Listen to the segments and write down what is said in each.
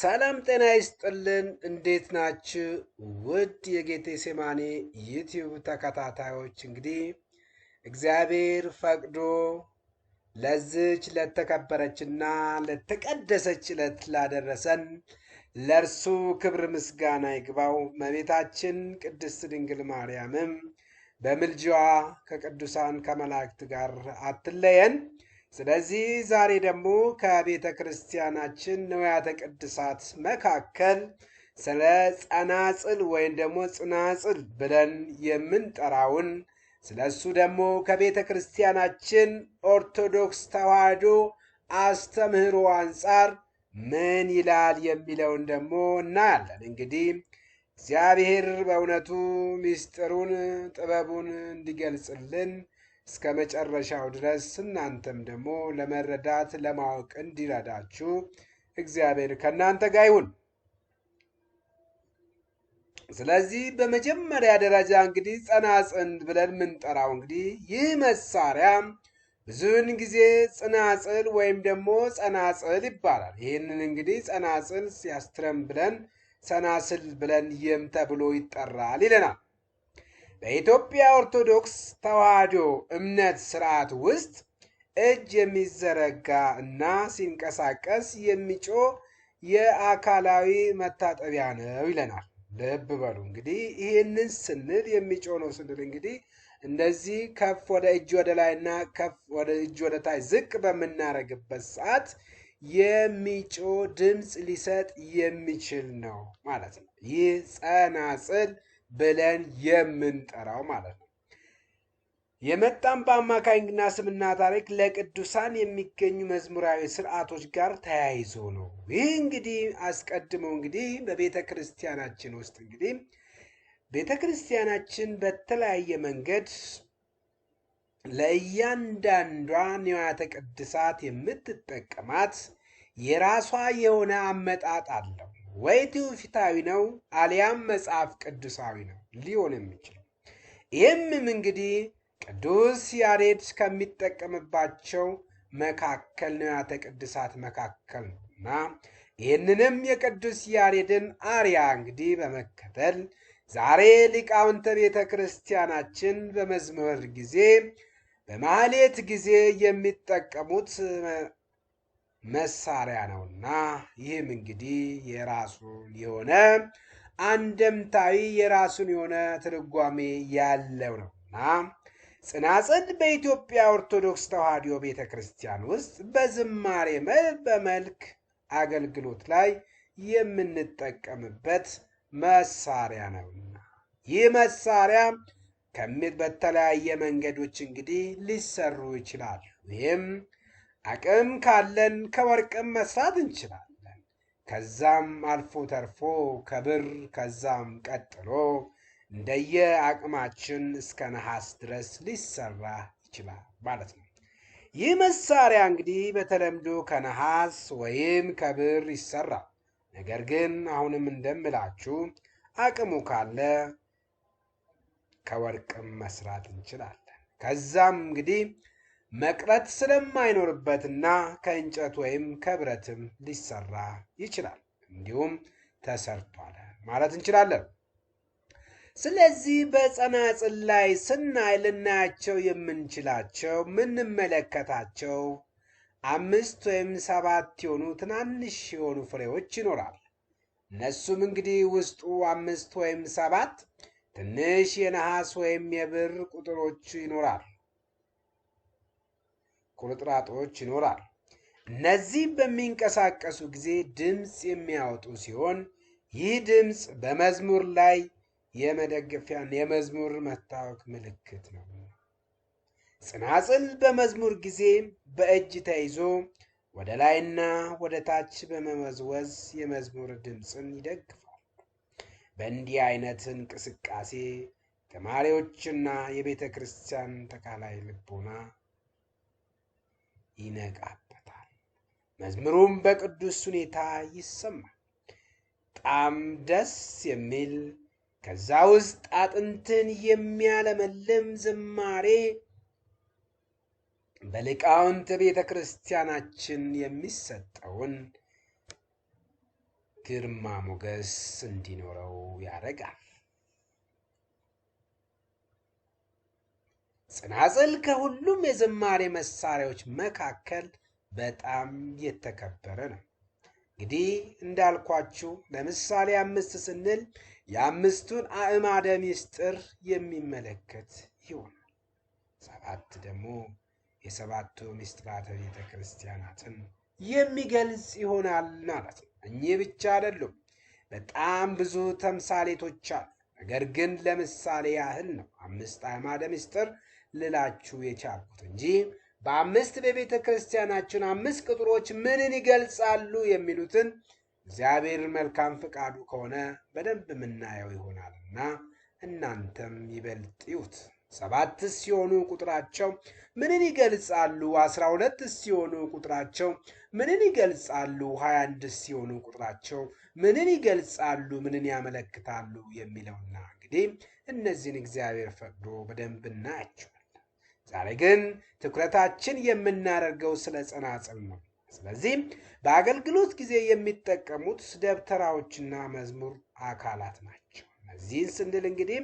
ሰላም ጤና ይስጥልን። እንዴት ናችሁ? ውድ የጌቴ ሴማኔ ዩቲዩብ ተከታታዮች እንግዲህ እግዚአብሔር ፈቅዶ ለዝች ለተከበረችና ለተቀደሰች ዕለት ላደረሰን ለእርሱ ክብር ምስጋና ይግባው። መቤታችን ቅድስት ድንግል ማርያምም በምልጃዋ ከቅዱሳን ከመላእክት ጋር አትለየን። ስለዚህ ዛሬ ደግሞ ከቤተ ክርስቲያናችን ንዋያተ ቅድሳት መካከል ስለ ጸናጽል ወይም ደግሞ ጽናጽል ብለን የምንጠራውን ስለ እሱ ደግሞ ከቤተ ክርስቲያናችን ኦርቶዶክስ ተዋህዶ አስተምህሮ አንጻር ምን ይላል የሚለውን ደግሞ እናያለን። እንግዲህ እግዚአብሔር በእውነቱ ምስጢሩን ጥበቡን እንዲገልጽልን እስከ መጨረሻው ድረስ እናንተም ደግሞ ለመረዳት ለማወቅ እንዲረዳችሁ እግዚአብሔር ከእናንተ ጋር ይሁን። ስለዚህ በመጀመሪያ ደረጃ እንግዲህ ጸናጽን ብለን የምንጠራው እንግዲህ ይህ መሳሪያ ብዙውን ጊዜ ጽናጽል ወይም ደግሞ ጸናጽል ይባላል። ይህንን እንግዲህ ጸናጽል ሲያስትረም ብለን ሰናስል ብለን የም ተብሎ ይጠራል ይለናል። በኢትዮጵያ ኦርቶዶክስ ተዋሕዶ እምነት ስርዓት ውስጥ እጅ የሚዘረጋ እና ሲንቀሳቀስ የሚጮ የአካላዊ መታጠቢያ ነው ይለናል። ልብ በሉ እንግዲህ ይህንን ስንል የሚጮ ነው ስንል እንግዲህ እንደዚህ ከፍ ወደ እጅ ወደ ላይ እና ከፍ ወደ እጅ ወደ ታች ዝቅ በምናደርግበት ሰዓት የሚጮ ድምፅ ሊሰጥ የሚችል ነው ማለት ነው። ይህ ጸናጽል ብለን የምንጠራው ማለት ነው። የመጣም በአማካኝና ስምና ታሪክ ለቅዱሳን የሚገኙ መዝሙራዊ ስርዓቶች ጋር ተያይዞ ነው። ይህ እንግዲህ አስቀድመው እንግዲህ በቤተ ክርስቲያናችን ውስጥ እንግዲህ ቤተ ክርስቲያናችን በተለያየ መንገድ ለእያንዳንዷ ንዋያተ ቅድሳት የምትጠቀማት የራሷ የሆነ አመጣጥ አለው። ወይ ትውፊታዊ ነው አሊያም መጽሐፍ ቅዱሳዊ ነው ሊሆን የሚችል ይህም እንግዲህ ቅዱስ ያሬድ ከሚጠቀምባቸው መካከል ንዋያተ ቅድሳት መካከል ነው እና ይህንንም የቅዱስ ያሬድን አርያ እንግዲህ በመከተል ዛሬ ሊቃውንተ ቤተ ክርስቲያናችን በመዝሙር ጊዜ በማህሌት ጊዜ የሚጠቀሙት መሳሪያ ነውና ይህም እንግዲህ የራሱን የሆነ አንደምታዊ የራሱን የሆነ ትርጓሜ ያለው ነውና ጽናጽል በኢትዮጵያ ኦርቶዶክስ ተዋሕዶ ቤተ ክርስቲያን ውስጥ በዝማሬ በመልክ አገልግሎት ላይ የምንጠቀምበት መሳሪያ ነውና ይህ መሳሪያ ከሚል በተለያየ መንገዶች እንግዲህ ሊሰሩ ይችላሉ። ይህም አቅም ካለን ከወርቅም መስራት እንችላለን። ከዛም አልፎ ተርፎ ከብር ከዛም ቀጥሎ እንደየ አቅማችን እስከ ነሐስ ድረስ ሊሰራ ይችላል ማለት ነው። ይህ መሳሪያ እንግዲህ በተለምዶ ከነሐስ ወይም ከብር ይሰራል። ነገር ግን አሁንም እንደምላችሁ አቅሙ ካለ ከወርቅም መስራት እንችላለን። ከዛም እንግዲህ መቅረት ስለማይኖርበትና ከእንጨት ወይም ከብረትም ሊሰራ ይችላል እንዲሁም ተሰርቷል ማለት እንችላለን። ስለዚህ በጸናጽል ላይ ስናይ ልናያቸው የምንችላቸው የምንመለከታቸው አምስት ወይም ሰባት የሆኑ ትናንሽ የሆኑ ፍሬዎች ይኖራል። እነሱም እንግዲህ ውስጡ አምስት ወይም ሰባት ትንሽ የነሐስ ወይም የብር ቁጥሮች ይኖራል። ቁርጥራጦች ይኖራል። እነዚህ በሚንቀሳቀሱ ጊዜ ድምፅ የሚያወጡ ሲሆን ይህ ድምፅ በመዝሙር ላይ የመደገፊያን የመዝሙር መታወቅ ምልክት ነው። ጽናጽል በመዝሙር ጊዜ በእጅ ተይዞ ወደ ላይና ወደ ታች በመመዝወዝ የመዝሙር ድምፅን ይደግፋል። በእንዲህ አይነት እንቅስቃሴ ተማሪዎችና የቤተ ክርስቲያን ተካላይ ልቦና ይነቃበታል። መዝሙሩም በቅዱስ ሁኔታ ይሰማል። በጣም ደስ የሚል ከዛ ውስጥ አጥንትን የሚያለመልም ዝማሬ በሊቃውንት ቤተ ክርስቲያናችን የሚሰጠውን ግርማ ሞገስ እንዲኖረው ያደርጋል። ጽናጽል ከሁሉም የዝማሬ መሳሪያዎች መካከል በጣም የተከበረ ነው። እንግዲህ እንዳልኳችሁ ለምሳሌ አምስት ስንል የአምስቱን አእማደ ምስጢር የሚመለከት ይሆናል። ሰባት ደግሞ የሰባቱ ምስጢራተ ቤተ ክርስቲያናትን የሚገልጽ ይሆናል ማለት ነው። እኚህ ብቻ አይደሉም፣ በጣም ብዙ ተምሳሌቶች አሉ። ነገር ግን ለምሳሌ ያህል ነው። አምስት አእማደ ምስጢር ልላችሁ የቻልኩት እንጂ በአምስት በቤተ ክርስቲያናችን አምስት ቅጥሮች ምንን ይገልጻሉ የሚሉትን እግዚአብሔር መልካም ፈቃዱ ከሆነ በደንብ የምናየው ይሆናልና እናንተም ይበልጥ ይዩት። ሰባት ሲሆኑ ቁጥራቸው ምንን ይገልጻሉ? አስራ ሁለት ሲሆኑ ቁጥራቸው ምንን ይገልጻሉ? ሀያ አንድ ሲሆኑ ቁጥራቸው ምንን ይገልጻሉ? ምንን ያመለክታሉ? የሚለውና እንግዲህ እነዚህን እግዚአብሔር ፈቅዶ በደንብ እናያቸው። ዛሬ ግን ትኩረታችን የምናደርገው ስለ ጸናጽል ነው። ስለዚህ በአገልግሎት ጊዜ የሚጠቀሙት ደብተራዎችና መዝሙር አካላት ናቸው። እነዚህን ስንል እንግዲህ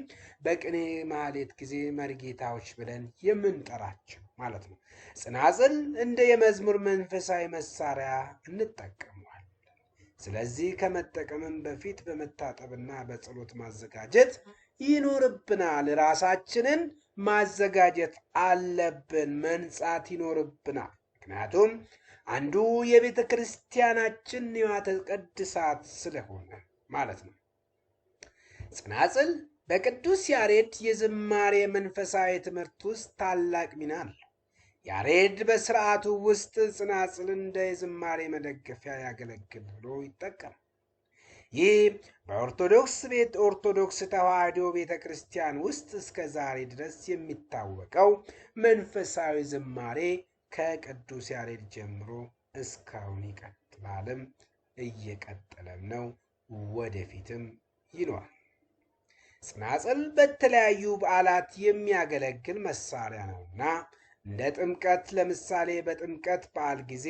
በቅኔ ማሌት ጊዜ መርጌታዎች ብለን የምንጠራቸው ማለት ነው። ጽናጽል እንደ የመዝሙር መንፈሳዊ መሳሪያ እንጠቀመዋል። ስለዚህ ከመጠቀምም በፊት በመታጠብና በጸሎት ማዘጋጀት ይኖርብናል ራሳችንን ማዘጋጀት አለብን፣ መንጻት ይኖርብናል። ምክንያቱም አንዱ የቤተ ክርስቲያናችን ንዋየ ቅድሳት ስለሆነ ማለት ነው። ጽናጽል በቅዱስ ያሬድ የዝማሬ መንፈሳዊ ትምህርት ውስጥ ታላቅ ሚና አለው። ያሬድ በስርዓቱ ውስጥ ጽናጽል እንደ የዝማሬ መደገፊያ ያገለግል ብሎ ይጠቀማል። ይህ በኦርቶዶክስ ቤት ኦርቶዶክስ ተዋሕዶ ቤተ ክርስቲያን ውስጥ እስከ ዛሬ ድረስ የሚታወቀው መንፈሳዊ ዝማሬ ከቅዱስ ያሬድ ጀምሮ እስካሁን ይቀጥላልም እየቀጠለም ነው፣ ወደፊትም ይኖራል። ጽናጽል በተለያዩ በዓላት የሚያገለግል መሳሪያ ነውና እንደ ጥምቀት ለምሳሌ በጥምቀት በዓል ጊዜ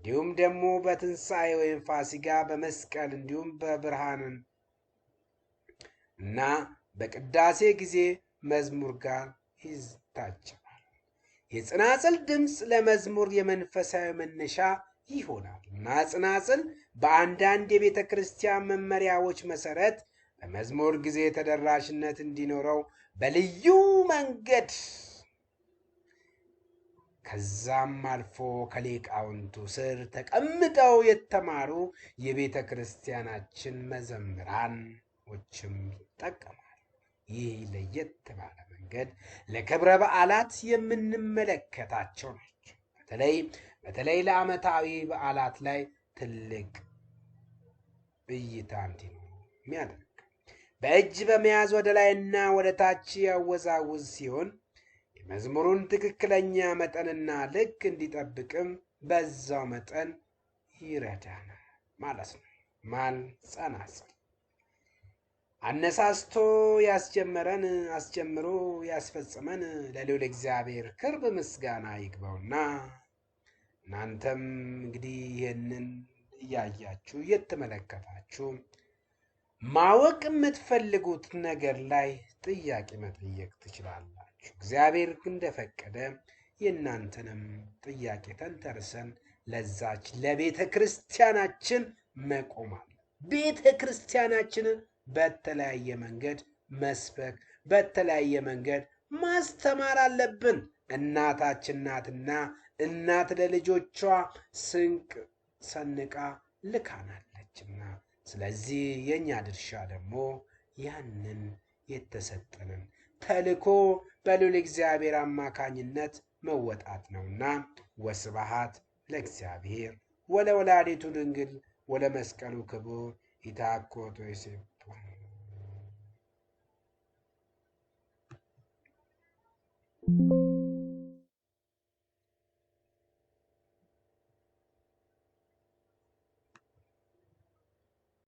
እንዲሁም ደግሞ በትንሣኤ ወይም ፋሲጋ በመስቀል እንዲሁም በብርሃንን እና በቅዳሴ ጊዜ መዝሙር ጋር ይታጀባል። የጽናጽል ድምፅ ለመዝሙር የመንፈሳዊ መነሻ ይሆናል እና ጽናጽል በአንዳንድ የቤተ ክርስቲያን መመሪያዎች መሰረት በመዝሙር ጊዜ ተደራሽነት እንዲኖረው በልዩ መንገድ ከዛም አልፎ ከሊቃውንቱ ስር ተቀምጠው የተማሩ የቤተ ክርስቲያናችን መዘምራኖችም ይጠቀማል። ይህ ለየት ባለ መንገድ ለክብረ በዓላት የምንመለከታቸው ናቸው። በተለይ በተለይ ለዓመታዊ በዓላት ላይ ትልቅ እይታ እንዲኖር የሚያደርግ በእጅ በመያዝ ወደ ላይና ወደ ታች ያወዛውዝ ሲሆን የመዝሙሩን ትክክለኛ መጠንና ልክ እንዲጠብቅም በዛው መጠን ይረዳናል ማለት ነው። ማንጸናጸል አነሳስቶ ያስጀመረን አስጀምሮ ያስፈጸመን ለልዑል እግዚአብሔር ክርብ ምስጋና ይግባውና እናንተም እንግዲህ ይህንን እያያችሁ እየተመለከታችሁ ማወቅ የምትፈልጉት ነገር ላይ ጥያቄ መጠየቅ ትችላላችሁ። እግዚአብሔር እንደፈቀደ የእናንተንም ጥያቄ ተንተርሰን ለዛች ለቤተ ክርስቲያናችን መቆማል። ቤተ ክርስቲያናችንን በተለያየ መንገድ መስበክ፣ በተለያየ መንገድ ማስተማር አለብን። እናታችን ናትና እናት ለልጆቿ ስንቅ ሰንቃ ልካናለችና ስለዚህ የእኛ ድርሻ ደግሞ ያንን የተሰጠንን ተልኮ በልዑል እግዚአብሔር አማካኝነት መወጣት ነውና ወስብሐት ለእግዚአብሔር ወለወላዲቱ ድንግል ወለመስቀሉ ክቡር ይትሐኮ ትወስብ